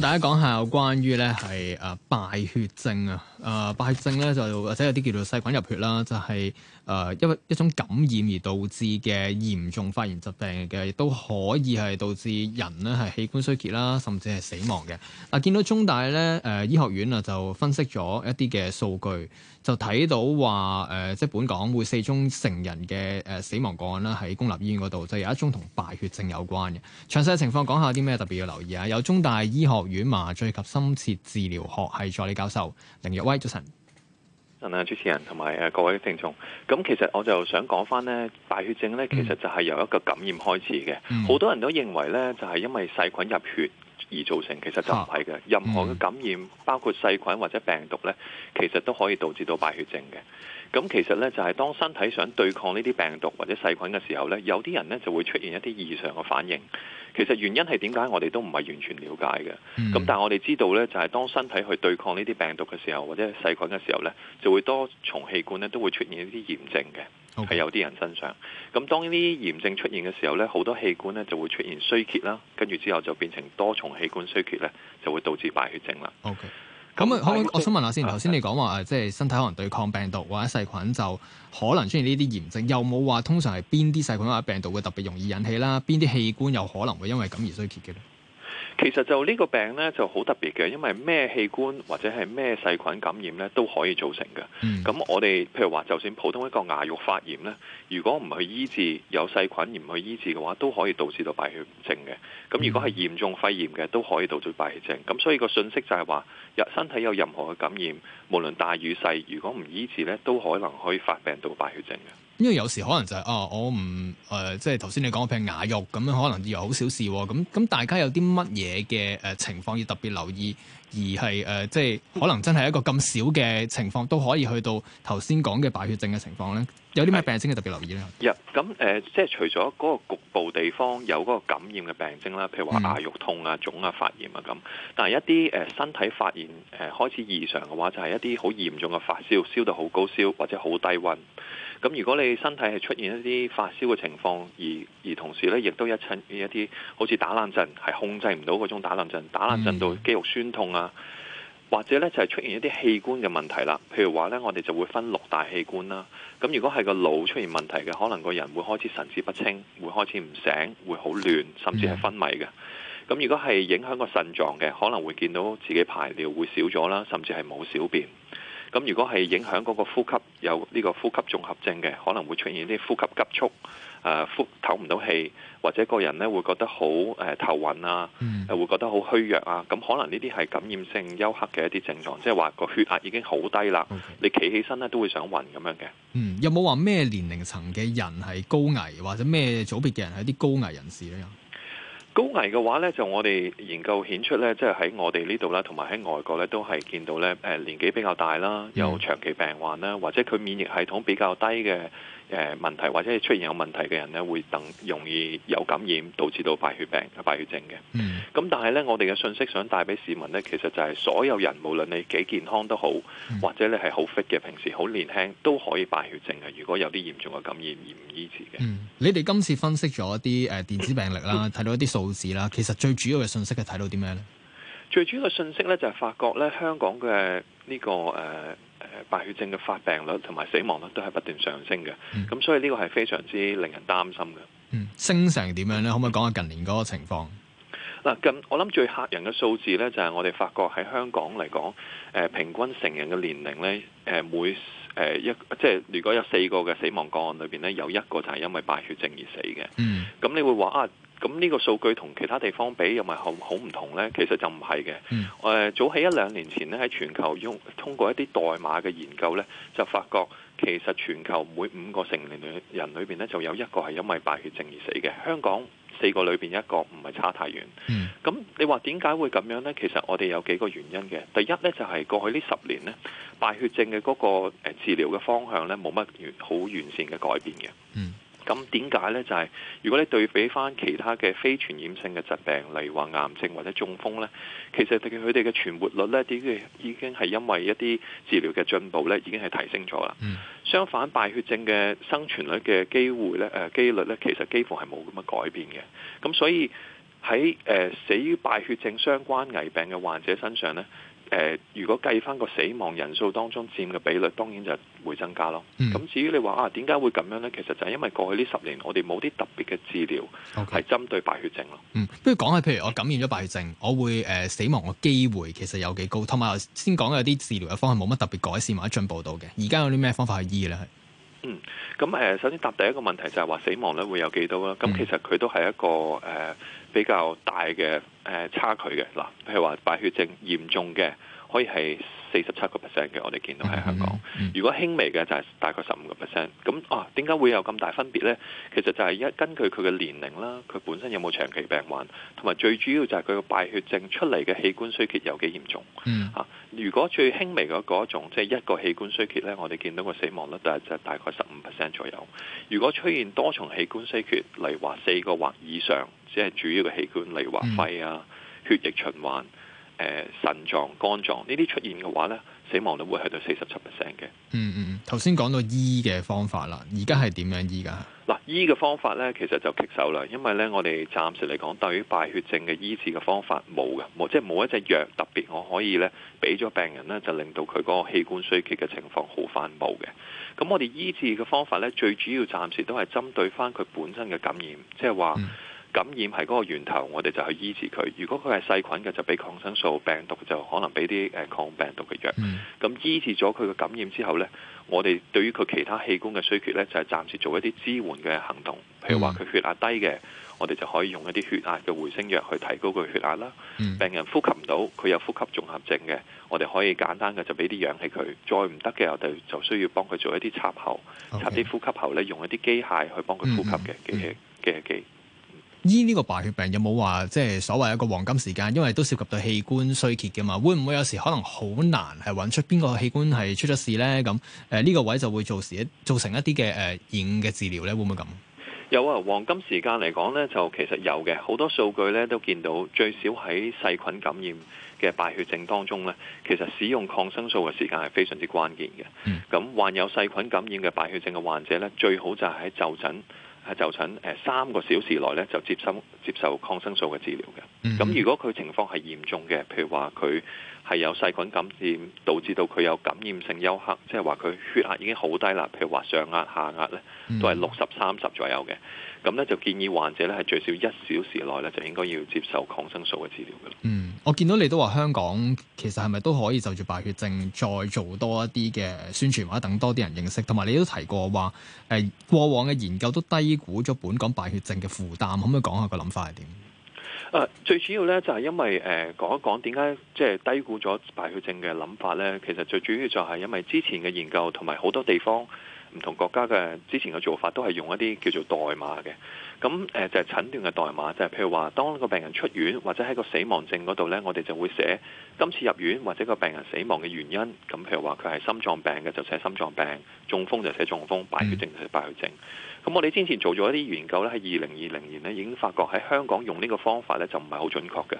大家講下有關於咧係誒敗血症啊，誒、呃、敗血症咧就或、是、者有啲叫做細菌入血啦，就係、是。誒，因為、呃、一,一種感染而導致嘅嚴重發炎疾病嘅，亦都可以係導致人咧係器官衰竭啦，甚至係死亡嘅。嗱、呃，見到中大咧誒、呃、醫學院啊，就分析咗一啲嘅數據，就睇到話誒、呃，即係本港每四宗成人嘅誒、呃、死亡個案啦，喺公立醫院嗰度就有一宗同敗血症有關嘅。詳細嘅情況講下啲咩特別要留意啊？有中大醫學院麻醉及深切治療學系助理教授凌若崴早晨。啊！主持人同埋誒各位聽眾，咁其實我就想講翻咧，敗血症咧其實就係由一個感染開始嘅，好、嗯、多人都認為咧就係因為細菌入血。而造成其實就唔係嘅，任何嘅感染包括細菌或者病毒咧，其實都可以導致到敗血症嘅。咁其實咧就係當身體想對抗呢啲病毒或者細菌嘅時候咧，有啲人咧就會出現一啲異常嘅反應。其實原因係點解我哋都唔係完全了解嘅。咁但係我哋知道咧，就係當身體去對抗呢啲病毒嘅時候或者細菌嘅時候咧，就會多重器官咧都會出現一啲炎症嘅。係 Okay. 有啲人身上，咁當呢啲炎症出現嘅時候呢，好多器官咧就會出現衰竭啦，跟住之後就變成多重器官衰竭呢就會導致敗血症啦。OK，咁啊，可我想問下先，頭先、啊、你講話即係、就是、身體可能對抗病毒或者細菌就可能出現呢啲炎症，又有冇話通常係邊啲細菌或者病毒會特別容易引起啦？邊啲器官有可能會因為咁而衰竭嘅咧？其實就呢個病呢，就好特別嘅，因為咩器官或者係咩細菌感染呢都可以造成嘅。咁、嗯、我哋譬如話，就算普通一個牙肉發炎呢，如果唔去醫治有細菌而唔去醫治嘅話，都可以導致到敗血症嘅。咁如果係嚴重肺炎嘅，都可以導致敗血症。咁所以個訊息就係話，身體有任何嘅感染，無論大與細，如果唔醫治咧，都可能可以發病到敗血症嘅。因為有時可能就係、是、啊、哦，我唔誒、呃，即係頭先你講譬如牙肉咁樣，可能又好小事喎。咁咁，大家有啲乜嘢嘅誒情況要特別留意？而係誒、呃，即係可能真係一個咁少嘅情況，都可以去到頭先講嘅敗血症嘅情況咧。有啲咩病徵係特別留意咧？咁誒、呃，即係除咗嗰個局部地方有嗰個感染嘅病徵啦，譬如話牙肉痛啊、腫啊、發炎啊咁。但係一啲誒、呃、身體發炎誒開始異常嘅話，就係、是、一啲好嚴重嘅發燒，燒到好高燒或者好低溫。咁如果你身體係出現一啲發燒嘅情況，而而同時咧，亦都一陣一啲好似打冷震，係控制唔到嗰種打冷震，打冷震到肌肉酸痛啊，或者咧就係、是、出現一啲器官嘅問題啦。譬如話咧，我哋就會分六大器官啦。咁如果係個腦出現問題嘅，可能個人會開始神志不清，會開始唔醒，會好亂，甚至係昏迷嘅。咁、嗯、如果係影響個腎臟嘅，可能會見到自己排尿會少咗啦，甚至係冇小便。咁如果係影響嗰個呼吸有呢個呼吸綜合症嘅，可能會出現啲呼吸急促，誒、呃、呼唞唔到氣，或者個人咧會覺得好誒、呃、頭暈啊，誒、嗯、會覺得好虛弱啊。咁可能呢啲係感染性休克嘅一啲症狀，即係話個血壓已經好低啦，Okay. 你企起身咧都會想暈咁樣嘅。嗯，有冇話咩年齡層嘅人係高危，或者咩組別嘅人係啲高危人士咧？高危嘅話，呢就我哋研究顯出呢，即係喺我哋呢度啦，同埋喺外國呢，都係見到呢，誒年紀比較大啦，有長期病患啦，或者佢免疫系統比較低嘅。誒、呃，問題或者係出現有問題嘅人咧，會等容易有感染，導致到敗血病、敗血症嘅。咁、嗯、但係呢，我哋嘅信息想帶俾市民呢，其實就係所有人，無論你幾健康都好，嗯、或者你係好 fit 嘅，平時好年輕都可以敗血症嘅。如果有啲嚴重嘅感染而唔易治唔醫治嘅。你哋今次分析咗一啲誒、呃、電子病歷啦，睇到一啲數字啦，其實最主要嘅信息係睇到啲咩呢？最主要嘅信息呢，就係發覺呢香港嘅呢、這個誒。呃敗血症嘅發病率同埋死亡率都係不斷上升嘅，咁、嗯、所以呢個係非常之令人擔心嘅。嗯，升成點樣呢？可唔可以講下近年嗰個情況？嗱、嗯，近我諗最嚇人嘅數字呢，就係、是、我哋發覺喺香港嚟講，誒、呃、平均成人嘅年齡呢，誒、呃、每誒、呃、一即係如果有四個嘅死亡個案裏邊呢，有一個就係因為敗血症而死嘅。嗯，咁你會話啊？咁呢個數據同其他地方比又咪好好唔同呢？其實就唔係嘅。我、嗯呃、早起一兩年前呢，喺全球用通過一啲代碼嘅研究呢，就發覺其實全球每五個成年人裏邊呢，就有一個係因為敗血症而死嘅。香港四個裏邊一個，唔係差太遠。咁、嗯、你話點解會咁樣呢？其實我哋有幾個原因嘅。第一呢，就係、是、過去呢十年呢，敗血症嘅嗰個治療嘅方向呢，冇乜完好完善嘅改變嘅。嗯咁點解呢？就係、是、如果你對比返其他嘅非傳染性嘅疾病，例如話癌症或者中風呢，其實佢哋佢哋嘅存活率呢，已經係因為一啲治療嘅進步呢，已經係提升咗啦。相反，敗血症嘅生存率嘅機會呢，誒、呃、機率呢，其實幾乎係冇咁乜改變嘅。咁、嗯、所以喺誒、呃、死於敗血症相關危病嘅患者身上呢。誒，如果計翻個死亡人數當中佔嘅比率，當然就會增加咯。咁、嗯、至於你話啊，點解會咁樣呢？其實就係因為過去呢十年我哋冇啲特別嘅治療係針對敗血症咯、嗯。不如講下，譬如我感染咗敗血症，我會誒、呃、死亡嘅機會其實有幾高？同埋先講有啲治療嘅方案冇乜特別改善或者進步到嘅。而家有啲咩方法去醫咧？嗯，咁誒、呃，首先答第一個問題就係、是、話死亡咧會有幾多啦？咁其實佢都係一個誒。呃比較大嘅誒、呃、差距嘅嗱，譬如話敗血症嚴重嘅，可以係四十七個 percent 嘅，我哋見到喺香港。如果輕微嘅就係大概十五個 percent。咁啊，點解會有咁大分別呢？其實就係依根據佢嘅年齡啦，佢本身有冇長期病患，同埋最主要就係佢個敗血症出嚟嘅器官衰竭有幾嚴重。啊，如果最輕微嘅嗰一種，即、就、係、是、一個器官衰竭呢，我哋見到個死亡率就係大概十五 percent 左右。如果出現多重器官衰竭，例如話，四個或以上。即係主要嘅器官，嚟，如肺啊、血液循環、誒、呃、腎臟、肝臟呢啲出現嘅話咧，死亡率會去到四十七 percent 嘅。嗯嗯嗯，頭先講到醫嘅方法啦，而家係點樣醫噶？嗱，醫嘅方法呢，其實就棘手啦，因為呢，我哋暫時嚟講，對於敗血症嘅醫治嘅方法冇嘅，冇即係冇一隻藥，特別我可以咧俾咗病人呢，就令到佢嗰個器官衰竭嘅情況好返冇嘅。咁我哋醫治嘅方法呢，最主要暫時都係針對翻佢本身嘅感染，即係話。嗯感染係嗰個源頭，我哋就去醫治佢。如果佢係細菌嘅，就俾抗生素；病毒就可能俾啲抗病毒嘅藥。咁、嗯、醫治咗佢嘅感染之後呢，我哋對於佢其他器官嘅衰竭呢，就係暫時做一啲支援嘅行動。譬如話佢血壓低嘅，我哋就可以用一啲血壓嘅回升藥去提高佢血壓啦。嗯、病人呼吸唔到，佢有呼吸綜合症嘅，我哋可以簡單嘅就俾啲氧氣佢。再唔得嘅，我哋就需要幫佢做一啲插喉、插啲呼吸喉呢，用一啲機械去幫佢呼吸嘅機器、機、嗯嗯嗯醫呢個敗血病有冇話即係所謂一個黃金時間？因為都涉及到器官衰竭嘅嘛，會唔會有時可能好難係揾出邊個器官係出咗事呢？咁誒呢個位就會做成造成一啲嘅誒嚴嘅治療呢？會唔會咁？有啊，黃金時間嚟講呢，就其實有嘅好多數據咧都見到，最少喺細菌感染嘅敗血症當中呢，其實使用抗生素嘅時間係非常之關鍵嘅。咁、嗯、患有細菌感染嘅敗血症嘅患者呢，最好就係喺就診。係就診誒三個小時內咧就接收接受抗生素嘅治療嘅。咁、嗯、哼如果佢情況係嚴重嘅，譬如話佢，係有細菌感染導致到佢有感染性休克，即係話佢血壓已經好低啦。譬如話上壓下壓咧，都係六十三十左右嘅。咁咧就建議患者咧係最少一小時內咧就應該要接受抗生素嘅治療嘅。嗯，我見到你都話香港其實係咪都可以就住敗血症再做多一啲嘅宣傳或者等多啲人認識，同埋你都提過話誒過往嘅研究都低估咗本港敗血症嘅負擔，可唔可以講下個諗法係點？誒、uh, 最主要咧就係因為，誒、呃，講一講點解即係低估咗敗血症嘅諗法咧，其實最主要就係因為之前嘅研究同埋好多地方。唔同國家嘅之前嘅做法都係用一啲叫做代碼嘅，咁誒就係診斷嘅代碼，就係譬如話當一個病人出院或者喺個死亡證嗰度呢，我哋就會寫今次入院或者個病人死亡嘅原因。咁譬如話佢係心臟病嘅就寫心臟病，中風就寫中風，敗血症就係敗血症。咁、mm. 我哋之前做咗一啲研究呢，喺二零二零年呢已經發覺喺香港用呢個方法呢就唔係好準確嘅。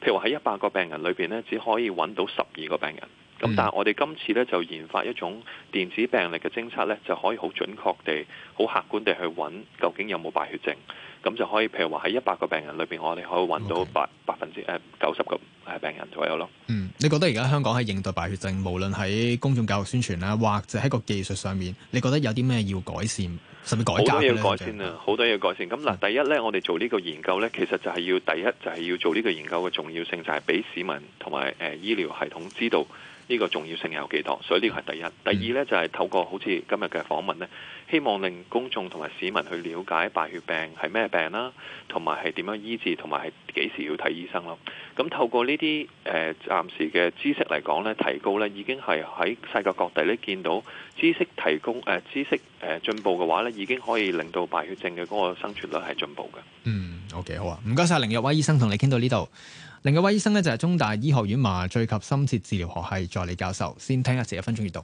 譬如話喺一百個病人裏邊呢，只可以揾到十二個病人。咁、嗯、但係我哋今次咧就研發一種電子病歷嘅偵測咧，就可以好準確地、好客觀地去揾究竟有冇敗血症，咁就可以譬如話喺一百個病人裏邊，我哋可以揾到百百分之誒九十個誒病人左右咯。嗯，你覺得而家香港喺應對敗血症，無論喺公眾教育宣傳啦，或者喺個技術上面，你覺得有啲咩要改善，甚至改好多嘢改善啊！好多嘢改善。咁嗱，嗯、第一咧，我哋做呢個研究咧，其實就係要第一就係、是、要做呢個研究嘅重要性，就係、是、俾市民同埋誒醫療系統知道。.呢個重要性有幾多？所以呢個係第一。第二呢，就係透過好似今日嘅訪問呢、嗯、希望令公眾同埋市民去了解敗血病係咩病啦，同埋係點樣醫治，同埋係幾時要睇醫生咯。咁透過呢啲誒暫時嘅知識嚟講呢，提高呢，已經係喺世界各地呢見到知識提供誒、呃、知識誒進步嘅話呢，已經可以令到敗血症嘅嗰個生存率係進步嘅。嗯，OK 好啊。唔該晒。凌若崴醫生，同你傾到呢度。另一位醫生就係中大醫學院麻醉及深切治療學系助理教授，先聽一下次一分鐘讀。